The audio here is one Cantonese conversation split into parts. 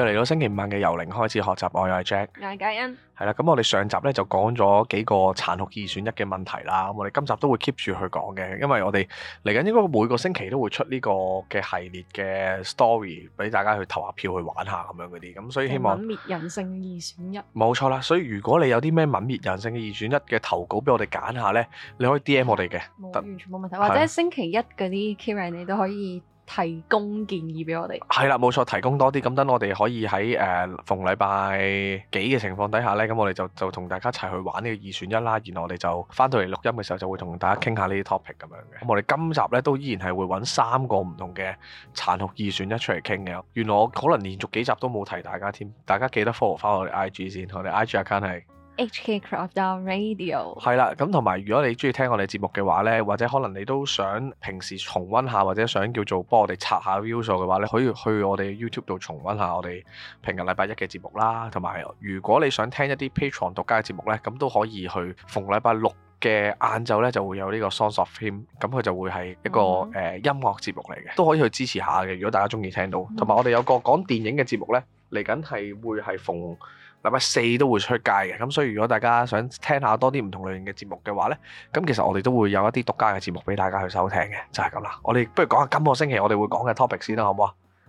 又嚟到星期五嘅由零開始學習愛，我係 Jack，我係 Kayan，係啦，咁我哋上集咧就講咗幾個殘酷二選一嘅問題啦，咁我哋今集都會 keep 住去講嘅，因為我哋嚟緊應該每個星期都會出呢個嘅系列嘅 story 俾大家去投下票去玩下咁樣嗰啲，咁所以希望泯滅人性二選一，冇錯啦，所以如果你有啲咩泯滅人性嘅二選一嘅投稿俾我哋揀下咧，你可以 DM 我哋嘅，沒得完全冇問題，或者星期一嗰啲 Kiran 你都可以。提供建議俾我哋，係啦冇錯，提供多啲咁，等我哋可以喺誒、呃、逢禮拜幾嘅情況底下呢，咁我哋就就同大家一齊去玩呢個二選一啦。然後我哋就翻到嚟錄音嘅時候，就會同大家傾下呢啲 topic 咁樣嘅。咁我哋今集呢，都依然係會揾三個唔同嘅殘酷二選一出嚟傾嘅。原來我可能連續幾集都冇提大家添，大家記得 follow 翻我哋 IG 先，我哋 IG account 係。HK Crop Radio 係啦，咁同埋如果你中意聽我哋節目嘅話呢，或者可能你都想平時重温下，或者想叫做幫我哋刷下 view 數嘅話你可以去我哋 YouTube 度重温下我哋平日禮拜一嘅節目啦。同埋如果你想聽一啲 Patreon 獨家嘅節目呢，咁都可以去逢禮拜六嘅晏晝呢，就會有呢個 Songs of Him，咁佢就會係一個誒、mm hmm. 呃、音樂節目嚟嘅，都可以去支持下嘅。如果大家中意聽到，同埋我哋有個講電影嘅節目呢。嚟緊係會係逢禮拜四都會出街嘅，咁所以如果大家想聽下多啲唔同類型嘅節目嘅話咧，咁其實我哋都會有一啲獨家嘅節目俾大家去收聽嘅，就係咁啦。我哋不如講下今個星期我哋會講嘅 topic 先啦，好唔好啊？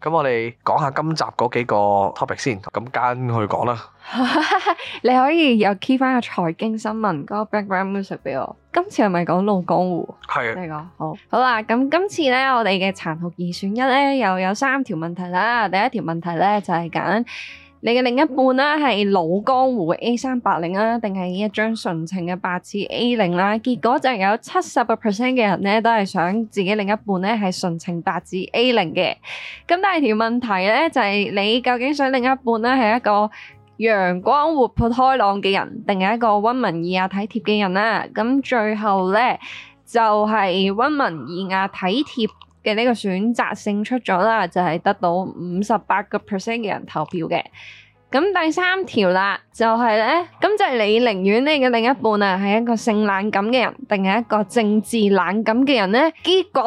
咁我哋講下今集嗰幾個 topic 先，咁跟去講啦。你可以又 keep 翻個財經新聞嗰個 background music 俾我。今次係咪講老江湖？係的啊，你講，好好啦。咁今次咧，我哋嘅殘酷二選一咧，又有三條問題啦。第一條問題咧，就係揀。你嘅另一半啦，係老江湖 A380 啦，定係一張純情嘅白紙 A 零啦？結果就有七十個 percent 嘅人呢，都係想自己另一半呢，係純情白紙 A 零嘅。咁第二條問題呢，就係、是、你究竟想另一半呢，係一個陽光活潑開朗嘅人，定係一個溫文爾雅體貼嘅人呢？咁最後呢，就係、是、溫文爾雅體貼嘅呢個選擇勝出咗啦，就係得到五十八個 percent 嘅人投票嘅。咁第三條啦，就係呢。咁就係你寧願你嘅另一半啊，係一個性冷感嘅人，定係一個政治冷感嘅人呢？結果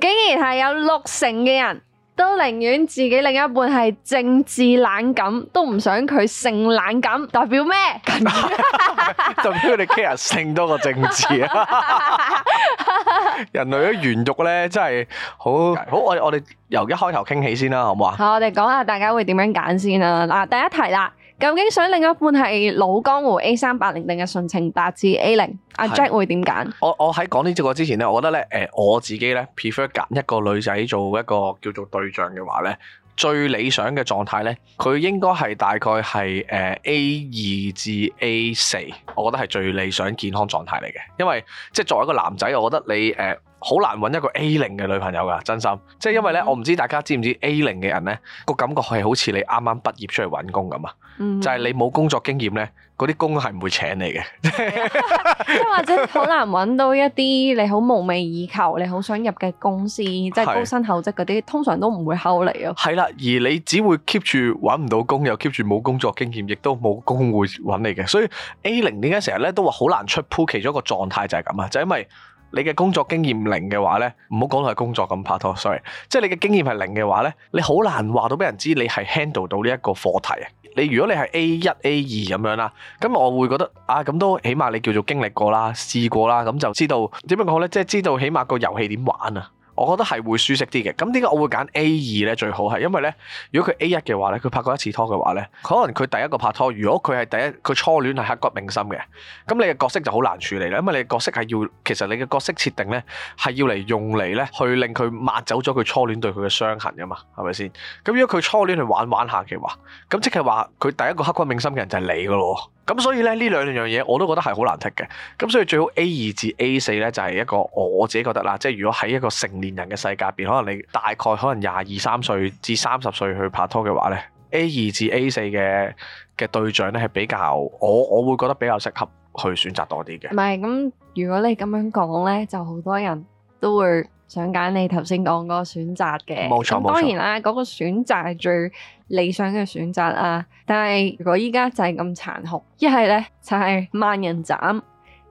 竟然係有六成嘅人，都寧願自己另一半係政治冷感，都唔想佢性冷感，代表咩？ 代表你哋 care 性多過政治啊！ 人類嘅原欲咧，真係好好。我我哋由一開頭傾起先啦，好唔好啊？ 好，我哋講下大家會點樣揀先啦。嗱，第一題啦。究竟想另一半係老江湖 A 三八零，定係純情白紙 A 零的？阿、啊、Jack 會點揀？我我喺講呢隻角之前咧，我覺得咧，誒、呃，我自己咧 prefer 揀一個女仔做一個叫做對象嘅話咧，最理想嘅狀態咧，佢應該係大概係誒、呃、A 二至 A 四，我覺得係最理想健康狀態嚟嘅，因為即係作為一個男仔，我覺得你誒。呃好難揾一個 A 零嘅女朋友噶，真心，即係因為呢，嗯、我唔知大家知唔知 A 零嘅人呢、呢個感覺係好似你啱啱畢業出嚟揾工咁啊，嗯、就係你冇工作經驗呢，嗰啲工係唔會請你嘅、嗯，即係 或者好難揾到一啲你好夢寐以求、你好想入嘅公司，即係 高薪厚職嗰啲，通常都唔會考慮你啊。係啦，而你只會 keep 住揾唔到工，又 keep 住冇工作經驗，亦都冇工會揾你嘅，所以 A 零點解成日呢都話好難出鋪其中一個狀態就係咁啊，就係、因為。你嘅工作經驗零嘅話呢，唔好講到工作咁拍拖，sorry。即係你嘅經驗係零嘅話呢，你好難話到俾人知你係 handle 到呢一個課題。你如果你係 A 一 A 二咁樣啦，咁我會覺得啊，咁都起碼你叫做經歷過啦、試過啦，咁就知道點樣講呢？即係知道起碼個遊戲點玩啊。我覺得係會舒適啲嘅，咁點解我會揀 A 二呢？最好係因為呢，如果佢 A 一嘅話呢，佢拍過一次拖嘅話呢，可能佢第一個拍拖，如果佢係第一個，佢初戀係刻骨銘心嘅，咁你嘅角色就好難處理啦，因為你嘅角色係要，其實你嘅角色設定呢係要嚟用嚟呢去令佢抹走咗佢初戀對佢嘅傷痕噶嘛，係咪先？咁如果佢初戀去玩玩下嘅話，咁即係話佢第一個刻骨銘心嘅人就係你噶咯，咁所以咧，呢兩樣嘢我都覺得係好難剔嘅，咁所以最好 A 二至 A 四呢，就係、是、一個我自己覺得啦，即係如果喺一個成年。人嘅世界邊，可能你大概可能廿二三歲至三十歲去拍拖嘅話呢 A 二至 A 四嘅嘅對象咧係比較，我我會覺得比較適合去選擇多啲嘅。唔係咁，如果你咁樣講呢，就好多人都會想揀你頭先講個選擇嘅。冇錯錯，冇錯。當然啦、啊，嗰錯個選擇係最理想嘅選擇啊。但係如果依家就係咁殘酷，一係呢，就係、是、萬人斬，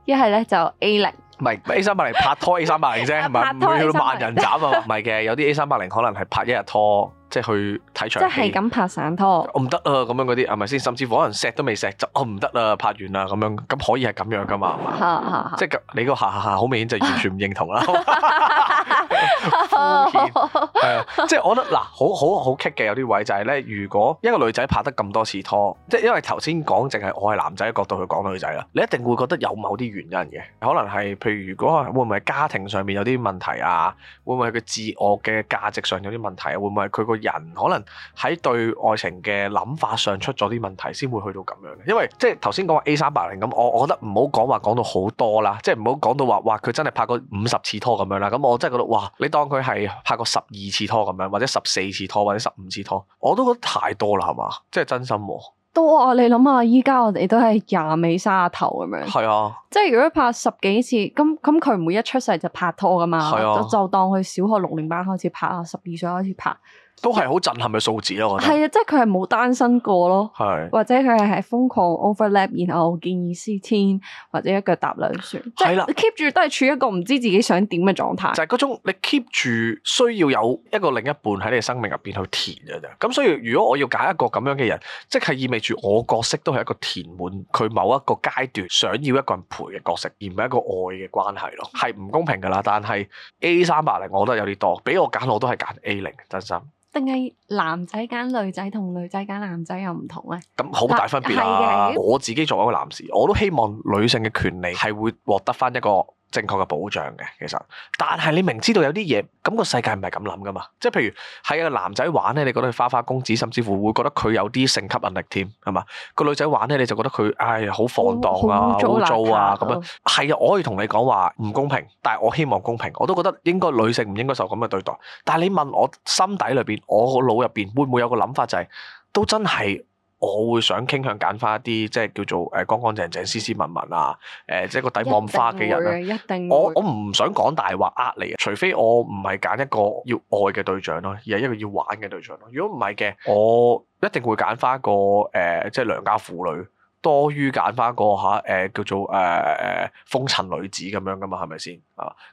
一係呢，就 A 零。唔係 A380 拍拖 A380 啫，唔係要萬人斬啊！唔係嘅，有啲 A380 可能係拍一日拖。即係去睇場，即係咁拍散拖。我唔得啊，咁、啊、樣嗰啲係咪先？甚至乎可能錫都未錫就我唔得啊，拍完啦咁樣，咁可以係咁樣㗎嘛？嚇！即係你個下下下好明顯就完全唔認同啦。敷衍係啊！即係我覺得嗱，好好好棘嘅有啲位就係、是、咧，如果一個女仔拍得咁多次拖，即係因為頭先講淨係我係男仔嘅角度去講女仔啦，你一定會覺得有某啲原因嘅，可能係譬如如果、啊、會唔會係家庭上面有啲問題啊？會唔會佢自我嘅價值上有啲問題、啊？會唔會佢個人可能喺對愛情嘅諗法上出咗啲問題，先會去到咁樣。因為即係頭先講話 A 三八零咁，我我覺得唔好講話講到好多啦，即係唔好講到話話佢真係拍過五十次拖咁樣啦。咁我真係覺得哇，你當佢係拍過十二次拖咁樣，或者十四次拖，或者十五次拖，我都覺得太多啦，係嘛？即係真心啊多啊！你諗下，依家我哋都係廿尾卅頭咁樣，係是啊，即係如果拍十幾次，咁咁佢唔會一出世就拍拖噶嘛？是啊、就就當佢小學六年班開始拍啊，十二歲開始拍。都係好震撼嘅數字咯，我係啊，即係佢係冇單身過咯的，或者佢係係瘋狂 overlap，然後見二 s e 或者一腳踏兩船，係啦，keep 住都係處一個唔知自己想點嘅狀態，就係嗰種你 keep 住需要有一個另一半喺你生命入邊去填嘅，咁所以如果我要揀一個咁樣嘅人，即係意味住我角色都係一個填滿佢某一個階段想要一個人陪嘅角色，而唔係一個愛嘅關係咯，係唔、嗯、公平噶啦，但係 A 三百零，我都得有啲多，俾我揀我都係揀 A 零，真心。定係男仔揀女仔同女仔揀男仔又唔同咧？咁好大分別啦！我自己作為一個男士，我都希望女性嘅權利係會獲得返一個。正確嘅保障嘅，其實，但係你明知道有啲嘢，咁個世界唔係咁諗噶嘛，即係譬如係一個男仔玩咧，你覺得佢花花公子，甚至乎會覺得佢有啲性吸引力添，係嘛？個女仔玩咧，你就覺得佢唉好放蕩啊，好糟啊咁樣。係啊，我可以同你講話唔公平，但係我希望公平，我都覺得應該女性唔應該受咁嘅對待。但係你問我心底裏邊，我個腦入邊會唔會有個諗法就係都真係？我會想傾向揀翻一啲即係叫做誒乾乾淨淨、斯斯文文啊，誒、嗯呃、即係個底冇花嘅人啦。我我唔想講大話呃你啊，除非我唔係揀一個要愛嘅對象咯，而係一個要玩嘅對象咯。如果唔係嘅，我一定會揀翻一個、呃、即係良家婦女，多於揀翻嗰嚇誒叫做誒、呃、風塵女子咁樣噶嘛，係咪先？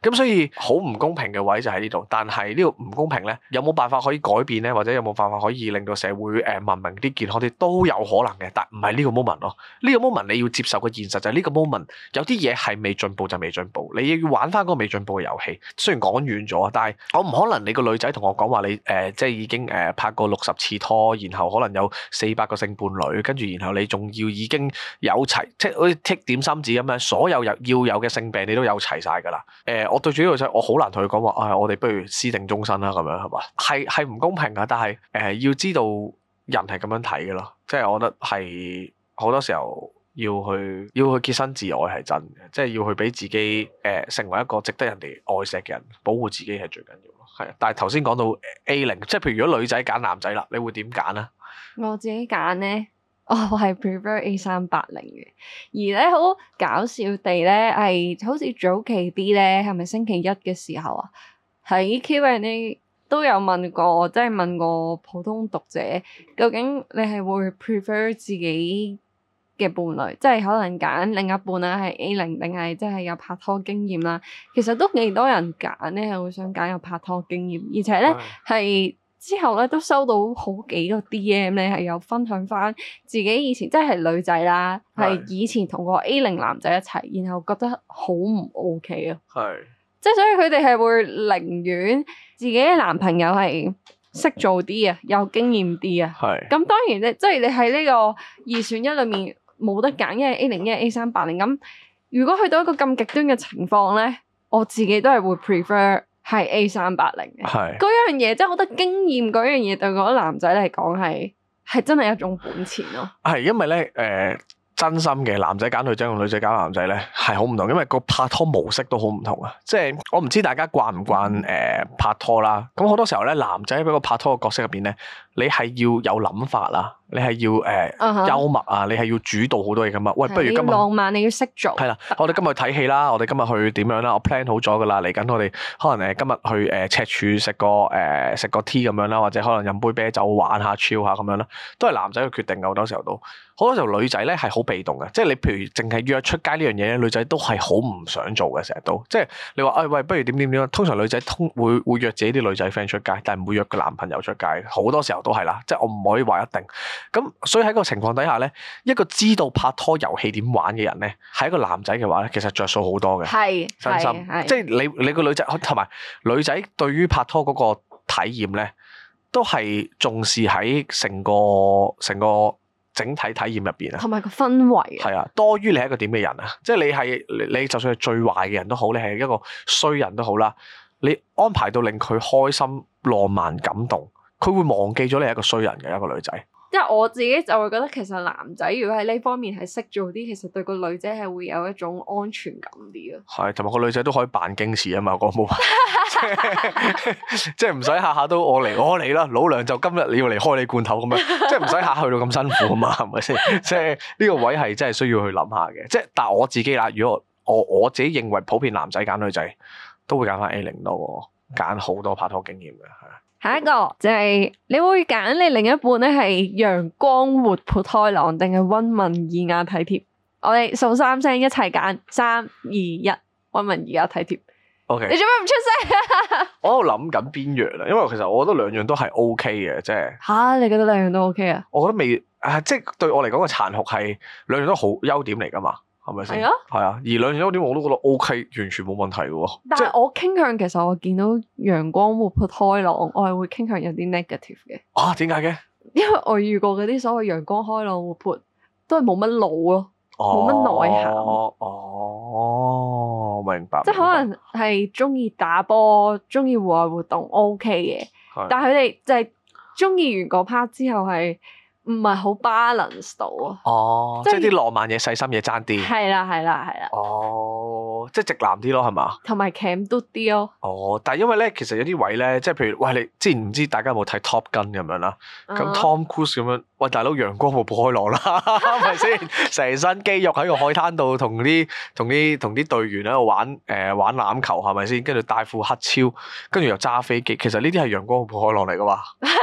咁 所以好唔公平嘅位就喺呢度，但係呢個唔公平咧，有冇辦法可以改變咧？或者有冇辦法可以令到社會誒文明啲、健康啲都有可能嘅？但唔係呢個 moment 咯，呢、呢個 moment 你要接受嘅現實就係呢個 moment 有啲嘢係未進步就未進步，你要玩翻嗰個未進步嘅遊戲。雖然講遠咗，但係我唔可能你個女仔同我講話你誒、呃，即係已經誒拍過六十次拖，然後可能有四百個性伴侶，跟住然後你仲要已經有齊，即係好似剔點心紙咁樣，所有有要有嘅性病你都有齊晒噶啦。誒、呃，我對住呢個仔，我好難同佢講話啊！我哋不如私定終身啦，咁樣係嘛，係係唔公平㗎。但係誒、呃，要知道人係咁樣睇㗎咯，即係我覺得係好多時候要去要去潔身自愛係真嘅，即係要去俾自己誒、呃、成為一個值得人哋愛惜嘅人，保護自己係最緊要咯。係，但係頭先講到 A0，即係譬如如果女仔揀男仔啦，你會點揀啊？我自己揀咧。我係 prefer A380 嘅，而咧好搞笑地咧，係好似早期啲咧，係咪星期一嘅時候啊？喺 Q&A 都有問過，即係問過普通讀者，究竟你係會 prefer 自己嘅伴侶，即係可能揀另一半啊，係 A0 定係即係有拍拖經驗啦、啊？其實都幾多人揀咧，係會想揀有拍拖經驗，而且咧係。嗯之後咧都收到好幾個 D.M 咧係有分享返自己以前即係女仔啦，係是以前同個 A 零男仔一齊，然後覺得好唔 OK 啊，係是即係所以佢哋係會寧願自己嘅男朋友係識做啲啊，有經驗啲啊，係咁是。當然咧，即係你喺呢個二選一裏面冇得揀，因為 A 零一 A 三八零咁，如果去到一個咁極端嘅情況咧，我自己都係會 prefer。係 A 380嘅，嗰是樣嘢，即係我覺得經驗嗰樣嘢對嗰男仔嚟講係係真係一種本錢咯、啊。係因為咧，誒、呃，真心嘅男仔揀女仔同女仔揀男仔咧係好唔同，因為個拍拖模式都好唔同啊。即係我唔知大家慣唔慣誒拍拖啦。咁好多時候咧，男仔喺個拍拖嘅角色入邊咧。你係要有諗法啊！你係要誒、呃 uh huh. 幽默啊！你係要主導好、呃呃、多嘢噶嘛？喂，不如今日浪漫你要識做。係啦，我哋今日去睇戲啦，我哋今日去點樣啦？我 plan 好咗噶啦，嚟緊我哋可能誒今日去誒赤柱食個誒食個 tea 咁樣啦，或者可能飲杯啤酒玩下、chill 下咁樣啦，都係男仔嘅決定嘅好多時候都。好多時候女仔咧係好被動嘅，即係你譬如淨係約出街呢樣嘢女仔都係好唔想做嘅成日都。即係你話喂，不如點點點？通常女仔通會會約自己啲女仔 friend 出街，但係唔會約個男朋友出街，好多時候。都係啦，即係我唔可以話一定咁，所以喺個情況底下咧，一個知道拍拖遊戲點玩嘅人咧，係一個男仔嘅話咧，其實着數好多嘅。是真心，即係你你個女仔同埋女仔對於拍拖嗰個體驗咧，都係重視喺成個成個整體體驗入邊啊，同埋個氛圍係啊，多於你係一個點嘅人啊，即係你係你就算係最壞嘅人都好，你係一個衰人都好啦，你安排到令佢開心、浪漫、感動。佢會忘記咗你係一個衰人嘅一個女仔，即係我自己就會覺得其實男仔如果喺呢方面係識做啲，其實對個女仔係會有一種安全感啲咯。係，同埋個女仔都可以扮矜持啊嘛，我講冇， 即係唔使下下都我嚟我嚟啦，老娘就今日你要嚟開你罐頭咁樣，即係唔使下去到咁辛苦啊嘛，係咪先？即係呢個位係真係需要去諗下嘅。即係但係我自己啦，如果我我，我自己認為普遍男仔揀女仔都會揀翻 A 零多我，揀好多拍拖經驗嘅係。下一個就係、是、你會揀你另一半咧係陽光活潑開朗定係溫文爾雅體貼？我哋數三聲一齊揀，三二一，溫文爾雅體貼。O Okay . K，你做咩唔出聲？ 我喺度諗緊邊樣啦，因為其實我覺得兩樣都係 O K 嘅，即係吓，你覺得兩樣都 O K 啊？我覺得未啊，即、就、係、是、對我嚟講個殘酷係兩樣都好，優點嚟噶嘛。係啊，係啊， 而兩樣優點我都覺得 O、OK、K，完全冇問題嘅喎。但係即我傾向，其實我見到陽光活潑開朗，我係會傾向有啲 negative 嘅。啊，點解嘅？因為我遇過嗰啲所謂陽光開朗活潑，都係冇乜腦咯，冇乜內涵。哦、啊啊，明白。即係可能係中意打波，中意戶外活動 O K 嘅。Okay、的但係佢哋就係中意完嗰 part 之後係。唔係好 balance 到啊！哦，即係啲浪漫嘢、細心嘢爭啲。係啦，係啦，係啦。哦，即係直男啲咯，係嘛？同埋 can do 啲咯。哦，但係因為咧，其實有啲位咧，即係譬如，喂你之前唔知大家有冇睇 Top Gun 咁樣啦，咁、uh huh. Tom Cruise 咁樣。喂，大佬，陽光和波海浪啦，係咪先？成身肌肉喺個海灘度，同啲同啲同啲隊員喺度玩誒玩籃球，係咪先？跟住大副黑超，跟住又揸飛機。其實呢啲係陽光和波海浪嚟噶嘛？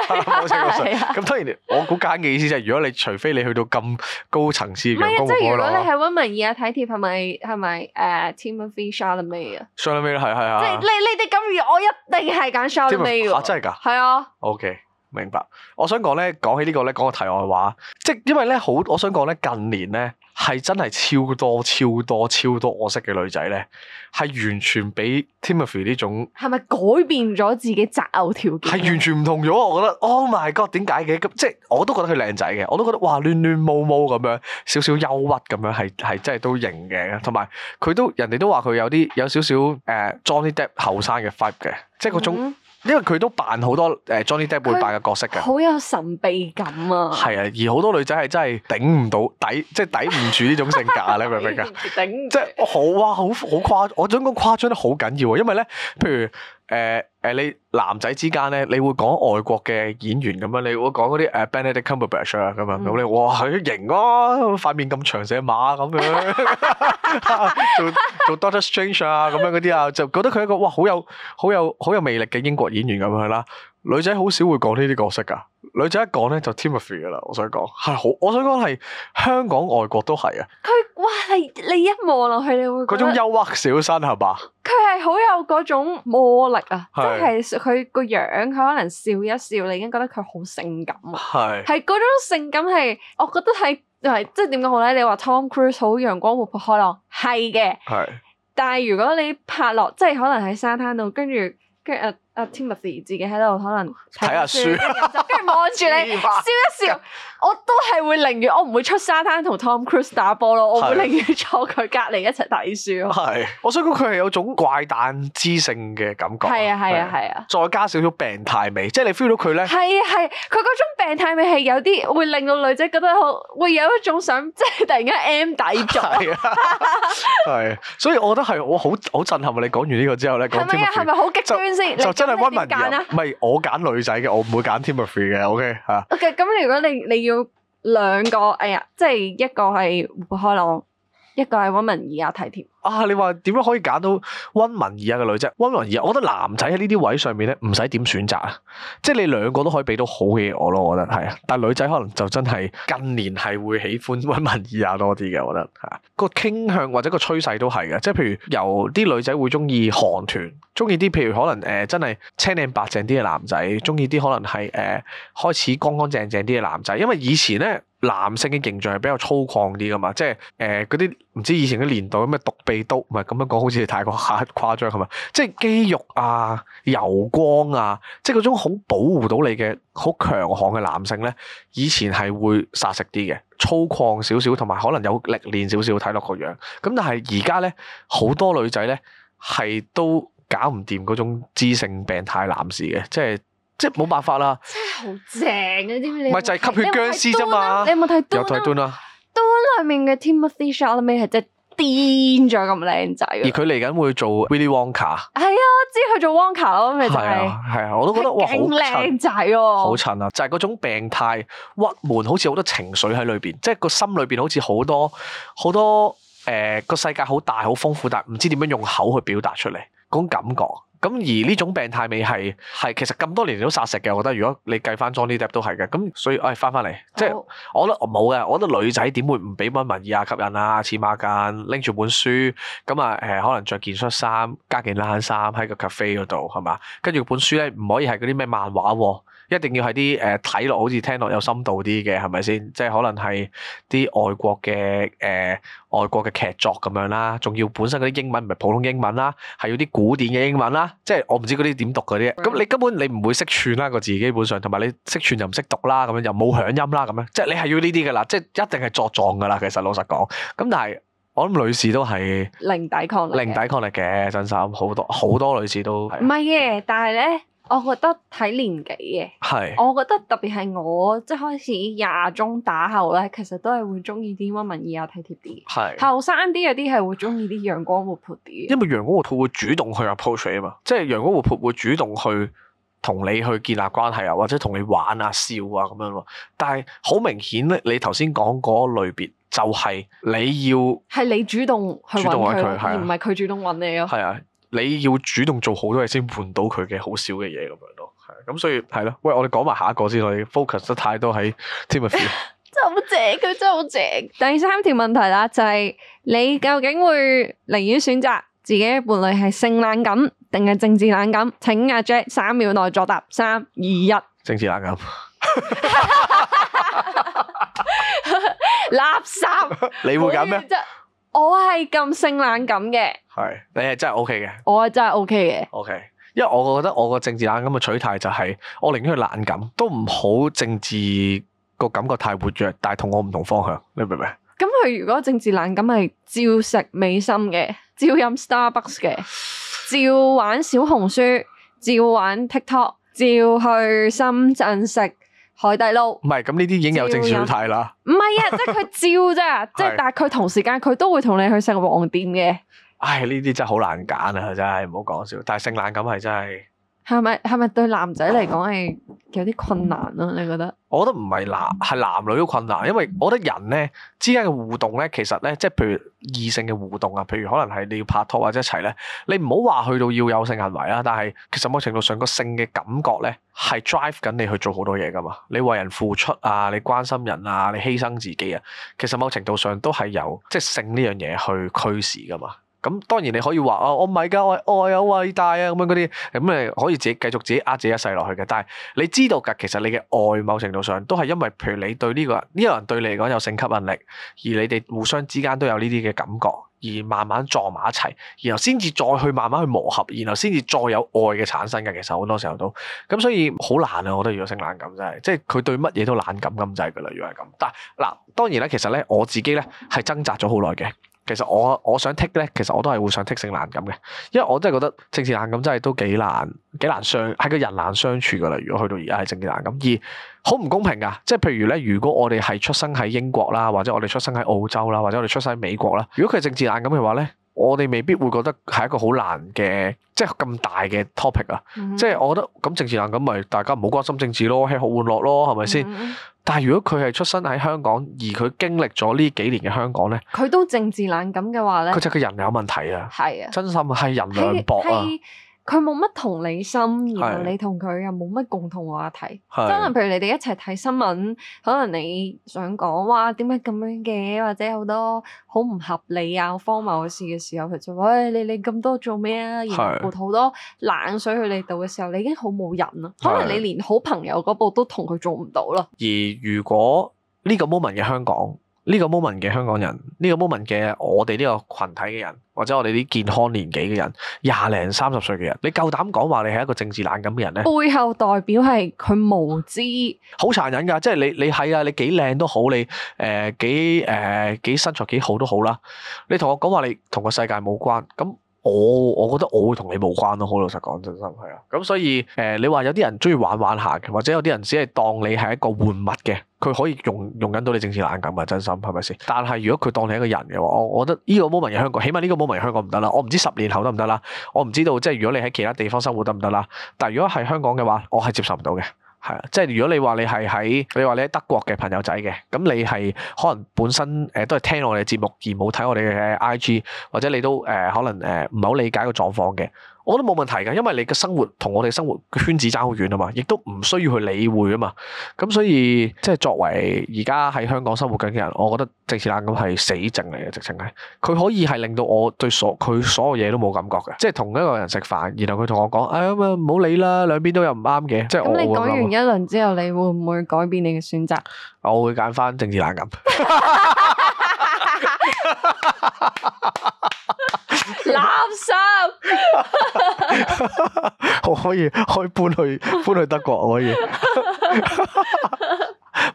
咁當然我估緊嘅意思就係，如果你除非你去到咁高層次，陽即係如果你係溫文爾雅體貼，係咪係咪誒 Timothée Chalamet 啊 Chalamet 啦，係係啊。即係你你哋咁如，我一定係揀 Chalamet 喎。嚇！真係㗎？係啊。OK。明白，我想講咧，講起個呢個咧，講個題外話，即係因為咧，好，我想講咧，近年咧係真係超多超多超多我識嘅女仔咧，係完全俾 Timothy 呢種係咪改變咗自己擇偶條件？係完全唔同咗，我覺得 Oh my God，點解嘅？咁即係我都覺得佢靚仔嘅，我都覺得，都覺得哇，亂亂毛毛咁樣，少少憂鬱咁樣，係係真係都型嘅，同埋佢都人哋都話佢有啲有少少誒 Johnny Depp 後生嘅 vibe 嘅，呃、vibe，即係嗰種。嗯因為佢都扮好多誒 Johnny Depp 會扮嘅角色嘅，好有神秘感啊！係啊，而好多女仔係真係頂唔到抵，即係抵唔住呢種性格， 你明唔明啊？ 頂，即係好啊，好好誇張！我想講誇張得好緊要喎，因為咧，譬如誒。呃誒你男仔之間咧，你會講外國嘅演員咁樣，你會講嗰啲誒 Benedict Cumberbatch 啊咁樣，咁你哇佢型啊，塊面咁長寫馬咁樣，啊 啊，做做 Doctor Strange 啊咁樣嗰啲啊，就覺得佢一個哇好有好有好有魅力嘅英國演員咁樣啦。女仔好少會講呢啲角色㗎。女仔一講咧就 Timothy 噶啦，我想講係好，我想講係香港外國都係啊。佢哇，你你一望落去，你會嗰種憂鬱小生係嘛？佢係好有嗰種魔力啊，即係佢個樣，佢可能笑一笑，你已經覺得佢好性感啊。係係嗰種性感係，我覺得係係即係點講好咧？你話 Tom Cruise 好陽光活潑開朗，係嘅。係。但係如果你拍落，即係可能喺沙灘度，跟住跟啊。阿 Timothy 自己喺度可能睇下書，跟住望住你笑一笑，我都係會寧願我唔會出沙灘同 Tom Cruise 打波咯，我會寧願坐佢隔籬一齊睇書。係，我想講佢係有種怪誕知性嘅感覺。係啊，係啊，係啊。再加少少病態美，即係你 feel 到佢咧。係啊係，佢嗰種病態美係有啲會令到女仔覺得好，會有一種想即係突然間 M 底咗。係，所以我覺得係我好好震撼啊！你講完呢個之後咧，講 Timothy 係咪好極端先？真係溫文爾雅？唔係我揀女仔嘅，我唔會揀 Timothy 嘅。OK 吓 OK，咁、嗯、如果你你要兩個，哎呀，即係一個係胡開朗。一個係溫文爾雅體貼。啊！你話點樣可以揀到溫文爾雅嘅女仔？溫文爾雅，我覺得男仔喺呢啲位上面咧，唔使點選擇啊。即係你兩個都可以俾到好嘅我咯。我覺得係啊。但係女仔可能就真係近年係會喜歡溫文爾雅多啲嘅。我覺得吓個傾向或者個趨勢都係嘅。即係譬如由啲女仔會中意韓團，中意啲譬如可能誒、呃、真係青靚白淨啲嘅男仔，中意啲可能係誒、呃、開始乾乾淨淨啲嘅男仔。因為以前咧。男性嘅形象係比較粗獷啲噶嘛，即係誒嗰啲唔知以前啲年代咁咩獨臂刀？唔係咁樣講，好似你太過嚇誇張係嘛？即係肌肉啊、油光啊，即係嗰種好保護到你嘅、好強悍嘅男性咧，以前係會殺食啲嘅，粗獷少少，同埋可能有歷練少少睇落個樣。咁但係而家咧好多女仔咧係都搞唔掂嗰種知性病態男士嘅，即係。即係冇辦法啦，即係好正啊！唔咪就係吸血僵屍啫嘛，你有冇睇有睇 Dune 啊？Dune 裏面嘅 Timothy Chalamet 係即係癲咗咁靚仔，而佢嚟緊會做 Willy Wonka。係啊，我知佢做 Wonka 咯，咪就係啊，我都覺得、啊、哇，好靚仔哦，好襯啊！就係、是、嗰種病態、鬱悶，好似好多情緒喺裏邊，即係個心裏邊好似好多好多誒個、呃、世界好大、好豐富，但係唔知點樣用口去表達出嚟嗰種感覺。咁而呢種病態美係係其實咁多年都殺食嘅。我覺得如果你計翻裝呢啲碟都係嘅，咁所以誒翻翻嚟，即係好我覺得我冇嘅，我覺得女仔點會唔俾溫文爾雅吸引啊？似馬間拎住本書咁啊誒，可能着件恤衫加件冷衫喺個 cafe 嗰度係嘛？跟住本書咧唔可以係嗰啲咩漫畫喎、啊。一定要係啲誒睇落好似聽落有深度啲嘅係咪先？即係可能係啲外國嘅誒外國嘅劇作咁樣啦，仲要本身嗰啲英文唔係普通英文啦，係要啲古典嘅英文啦。即係我唔知嗰啲點讀嗰啲。咁你根本你唔會識串啦個字基本上，同埋你識串又唔識讀啦，咁樣又冇響音啦咁樣。即係你係要呢啲㗎啦，即係一定係作狀㗎啦。其實老實講，咁但係我諗女士都係零抵抗力，零抵抗力嘅。真心好多好多女士都唔係嘅，但係咧。我覺得睇年紀嘅，是我覺得特別係我即係開始廿中打後咧，其實都係會鍾意啲温文爾雅體貼啲嘅。後生啲有啲係會鍾意啲陽光活潑啲。因為陽光活潑會主動去 approach 啊嘛，即係陽光活潑會主動去同你去建立關係啊，或者同你玩啊笑啊咁樣。但係好明顯咧，你頭先講嗰類別就係你要係你主動去揾佢，而唔係佢主動揾你咯。係啊。你要主動做好多嘢先換到佢嘅好少嘅嘢咁樣咯，係咁所以係咯，喂我哋講埋下一個先啦，我哋 focus 得太多喺 Timothy。好正， 佢真係好正。第三條問題啦，就係你究竟會寧願選擇自己嘅伴侶係性冷感定係政治冷感？請阿 Jack 三秒內作答。三二一，政治冷感， 垃圾， 你會揀咩？ 我係咁性冷感嘅，係你係真係 O K 嘅，我真係 O K 嘅。O、okay. K，因為我覺得我個政治冷感嘅取態就係，我寧願佢冷感都唔好政治個感覺太活躍，但係同我唔同方向，你明唔明？咁佢如果政治冷感係照食美心嘅，照飲 Starbucks 嘅，照玩小紅書，照玩 TikTok，ok，照去深圳食。海底撈唔係咁，呢啲已經有政治主題啦，唔係啊，即係佢照咋，即係 是但係佢同時間佢都會同你去成個店嘅。唉，呢啲真係好難揀啊，真係唔好講笑。但係性冷感係真係。係咪係咪對男仔嚟講係有啲困難咯、啊？你覺得？我覺得唔係男係男女都困難，因為我覺得人咧之間嘅互動咧，其實咧即係譬如異性嘅互動啊，譬如可能係你要拍拖或者一齊咧，你唔好話去到要有性行為啊，但係其實某程度上個性嘅感覺咧係 drive 緊你去做好多嘢噶嘛，你為人付出啊，你關心人啊，你犧牲自己啊，其實某程度上都係由即係性呢樣嘢去驅使噶嘛。咁當然你可以話啊，我唔係㗎，我愛又偉大啊，咁樣嗰啲咁誒，可以自己繼續自己呃自己一世落去嘅。但係你知道㗎，其實你嘅愛某程度上都係因為譬如你對呢、這個人，呢、這個人對你嚟講有性吸引力，而你哋互相之間都有呢啲嘅感覺，而慢慢撞埋一齊，然後先至再去慢慢去磨合，然後先至再有愛嘅產生嘅。其實好多時候都咁，所以好難啊！我覺得如果性冷感真係，即係佢對乜嘢都懶感咁滯㗎啦。如果係咁，但係嗱，當然咧，其實咧，我自己咧係掙扎咗好耐嘅。其實我我想剔咧，其實我都係會想剔剩冷感嘅，因為我真係覺得政治冷感真係都幾難，幾難相喺個人難相處噶啦。如果去到而家係政治冷感，而好唔公平噶，即係譬如咧，如果我哋係出生喺英國啦，或者我哋出生喺澳洲啦，或者我哋出生喺美國啦，如果佢係政治冷感嘅話咧。我哋未必會覺得係一個好難嘅，即係咁大嘅 topic 啊！嗯、即係我覺得咁政治冷感咪大家唔好關心政治咯，吃喝玩樂咯，係咪先？嗯、但係如果佢係出生喺香港，而佢經歷咗呢幾年嘅香港咧，佢都政治冷感嘅話咧，佢就個人有問題啊！係啊，真心係人涼薄啊！佢冇乜同理心，然後你同佢又冇乜共同話題。可能的譬如你哋一齊睇新聞，可能你想講話點解咁樣嘅，或者好多好唔合理啊、荒謬嘅事嘅時候，佢就話、哎、你你咁多做咩啊？然後好多冷水去你度嘅時候，的你已經好冇癮啦。可能你連好朋友嗰步都同佢做唔到啦。而如果呢個 moment 嘅香港，呢個 moment 嘅香港人，呢個 moment 嘅我哋呢個群體嘅人，或者我哋啲健康年紀嘅人，廿零三十歲嘅人，你夠膽講話你係一個政治冷感嘅人咧？背後代表係佢無知，好殘忍㗎！即係你你係啊，你幾靚都好，你誒幾誒幾身材幾好都好啦，你同我講話你同個世界冇關咁。我我覺得我會同你冇關咯，好老實講，真心係啊。咁所以誒、呃，你話有啲人中意玩玩下嘅，或者有啲人只係當你係一個玩物嘅，佢可以用用緊到你政治冷感嘅，真心係咪先？但係如果佢當你係一個人嘅話，我我覺得呢個 moment 喺香港，起碼呢個 moment 喺香港唔得啦。我唔知十年後得唔得啦，我唔知道即係如果你喺其他地方生活得唔得啦。但係如果係香港嘅話，我係接受唔到嘅。係啊，即係如果你話你係喺，你話你喺德國嘅朋友仔嘅，咁你係可能本身誒都係聽我哋嘅節目而冇睇我哋嘅 IG，或者你都誒可能誒唔係好理解個狀況嘅。我覺得冇問題嘅，因為你嘅生活同我哋生活圈子爭好遠啊嘛，亦都唔需要去理會啊嘛。咁所以即係作為而家喺香港生活緊嘅人，我覺得政治冷感係死症嚟嘅，直情係佢可以係令到我對所佢所有嘢都冇感覺嘅。即係同一個人食飯，然後佢同我講，哎咁嘛，唔好理啦，兩邊都有唔啱嘅。即係我講完一輪之後，你會唔會改變你嘅選擇？我會揀翻政治冷感。 垃圾，我 可以可以搬去搬去德國，可以，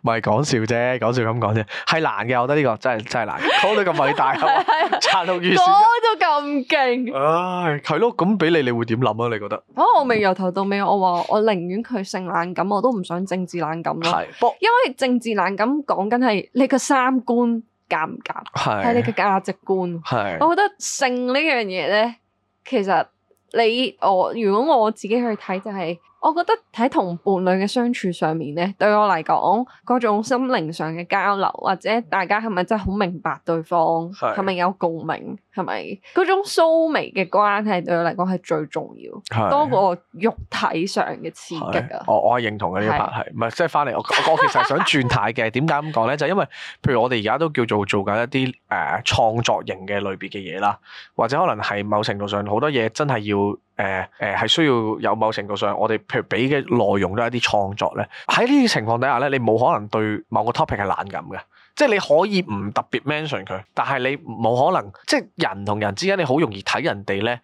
咪講笑啫，講笑咁講啫，係難嘅，我覺得呢、這個真係真係難的，講到咁偉大，燦爛如，講到咁勁，唉，係咯，咁畀你，你會點諗啊？你覺得？啊、哦，我咪由頭到尾我，我話我寧願佢性冷感，我都唔想政治冷感咯，係， 因為政治冷感講緊係你個三觀。夾唔夾？睇你嘅價值觀。是我覺得性呢樣嘢咧，其實你我如果我自己去睇就係、是。我覺得喺同伴侶嘅相處上面咧，對我嚟講，嗰種心靈上嘅交流，或者大家係咪真係好明白對方，係咪是有共鳴，係咪嗰種蘇眉嘅關係對我嚟講係最重要，是多過肉體上嘅刺激啊！我我係認同嘅，呢一 part 係唔係即係翻嚟？我我其實係想轉態嘅，點解咁講咧？就係因為譬如我哋而家都叫做做緊一啲誒創作型嘅類別嘅嘢啦，或者可能係某程度上好多嘢真係要。誒誒，係、呃呃、需要有某程度上，我哋譬如俾嘅內容都係一啲創作咧。喺呢啲情況底下咧，你冇可能對某個 topic 係冷感嘅，即係你可以唔特別 mention 佢，但係你冇可能即係人同人之間，你好容易睇人哋咧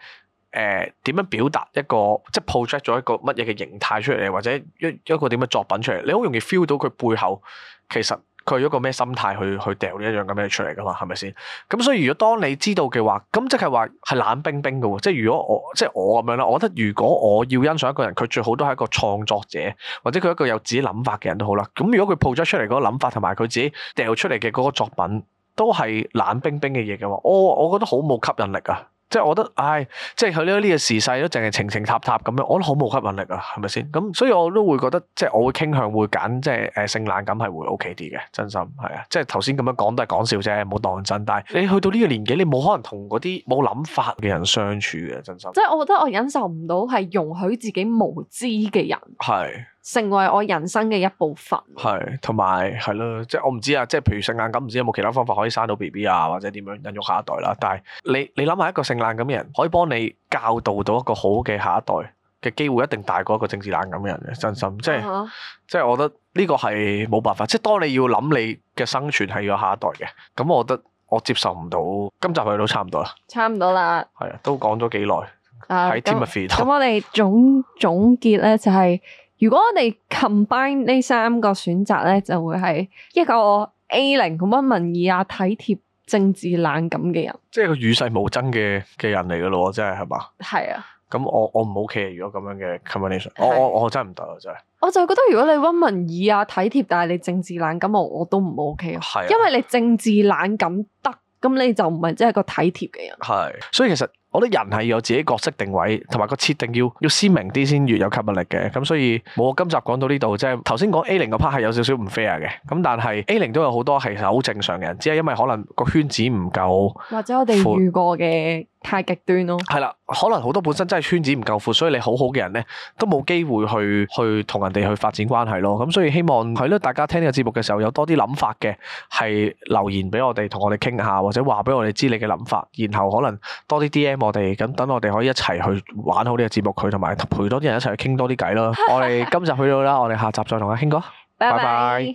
誒點樣表達一個即係 project 咗一個乜嘢嘅形態出嚟，或者一個一個點嘅作品出嚟，你好容易 feel 到佢背後其實。佢有一個咩心態去去掉呢一樣咁嘅出嚟噶嘛？係咪先？咁所以如果當你知道嘅話，咁即係話係冷冰冰嘅喎。即係如果我即係、就是、我咁樣啦，我覺得如果我要欣賞一個人，佢最好都係一個創作者，或者佢一個有自己諗法嘅人都好啦。咁如果佢鋪咗出嚟嗰諗法同埋佢自己掉出嚟嘅嗰個作品都係冷冰冰嘅嘢嘅話，我我覺得好冇吸引力啊！即係我覺得，唉，即係佢呢呢個時勢都淨係情情塔塔咁樣，我都好冇吸引力啊，係咪先？咁所以我都會覺得，即係我會傾向會揀，即係誒性冷感係會 OK 啲嘅，真心係啊。即係頭先咁樣講都係講笑啫，冇當真。但係你去到呢個年紀，你冇可能同嗰啲冇諗法嘅人相處嘅，真心。即係我覺得我忍受唔到係容許自己無知嘅人。係。成為我人生嘅一部分，係同埋係咯，即係我唔知啊，即係譬如性冷感，唔知有冇其他方法可以生到 B B 啊，或者點樣孕育下一代啦。但係你你諗下，一個性冷感嘅人可以幫你教導到一個好嘅下一代嘅機會，一定大過一個政治冷感嘅人嘅，真心即係即係，我覺得呢個係冇辦法。即係當你要諗你嘅生存係要下一代嘅，咁我覺得我接受唔到。今集去到差唔多啦，差唔多啦，係啊，都講咗幾耐喺今日。咁我哋總總結咧，就係、是。如果我哋 combine 呢三個選擇咧，就會係一個 A 零咁溫文爾雅、體貼、政治冷感嘅人。即係個與世無爭嘅嘅人嚟嘅咯，真係係嘛？係啊。咁我我唔 OK 啊！如果咁樣嘅 combination，、啊、我我我真係唔得啊！真係。我就覺得如果你溫文爾雅、體貼，但係你政治冷感，我我都唔 OK 啊。係、啊。因為你政治冷感得，咁你就唔係即係個體貼嘅人。係、啊。所以其實。我覺得人係有自己角色定位，同埋個設定要要鮮明啲先越有吸引力嘅。咁所以冇我今集講到呢度，即係頭先講 A0 個 part 係有少少唔 fair 嘅。咁但係 A0 都有好多係好正常嘅人，只係因為可能個圈子唔夠，或者我哋遇過嘅太極端咯。係啦，可能好多本身真係圈子唔夠闊，所以你好好嘅人咧，都冇機會去去同人哋去發展關係咯。咁所以希望係咯，大家聽呢個節目嘅時候有多啲諗法嘅，係留言俾我哋同我哋傾下，或者話俾我哋知你嘅諗法，然後可能多啲 DM。我哋咁等我哋可以一齊去玩好呢個節目，佢同埋陪多啲人一齊去傾多啲偈咯。我哋今集去到啦，我哋下集再同阿興哥，拜拜 bye。Bye bye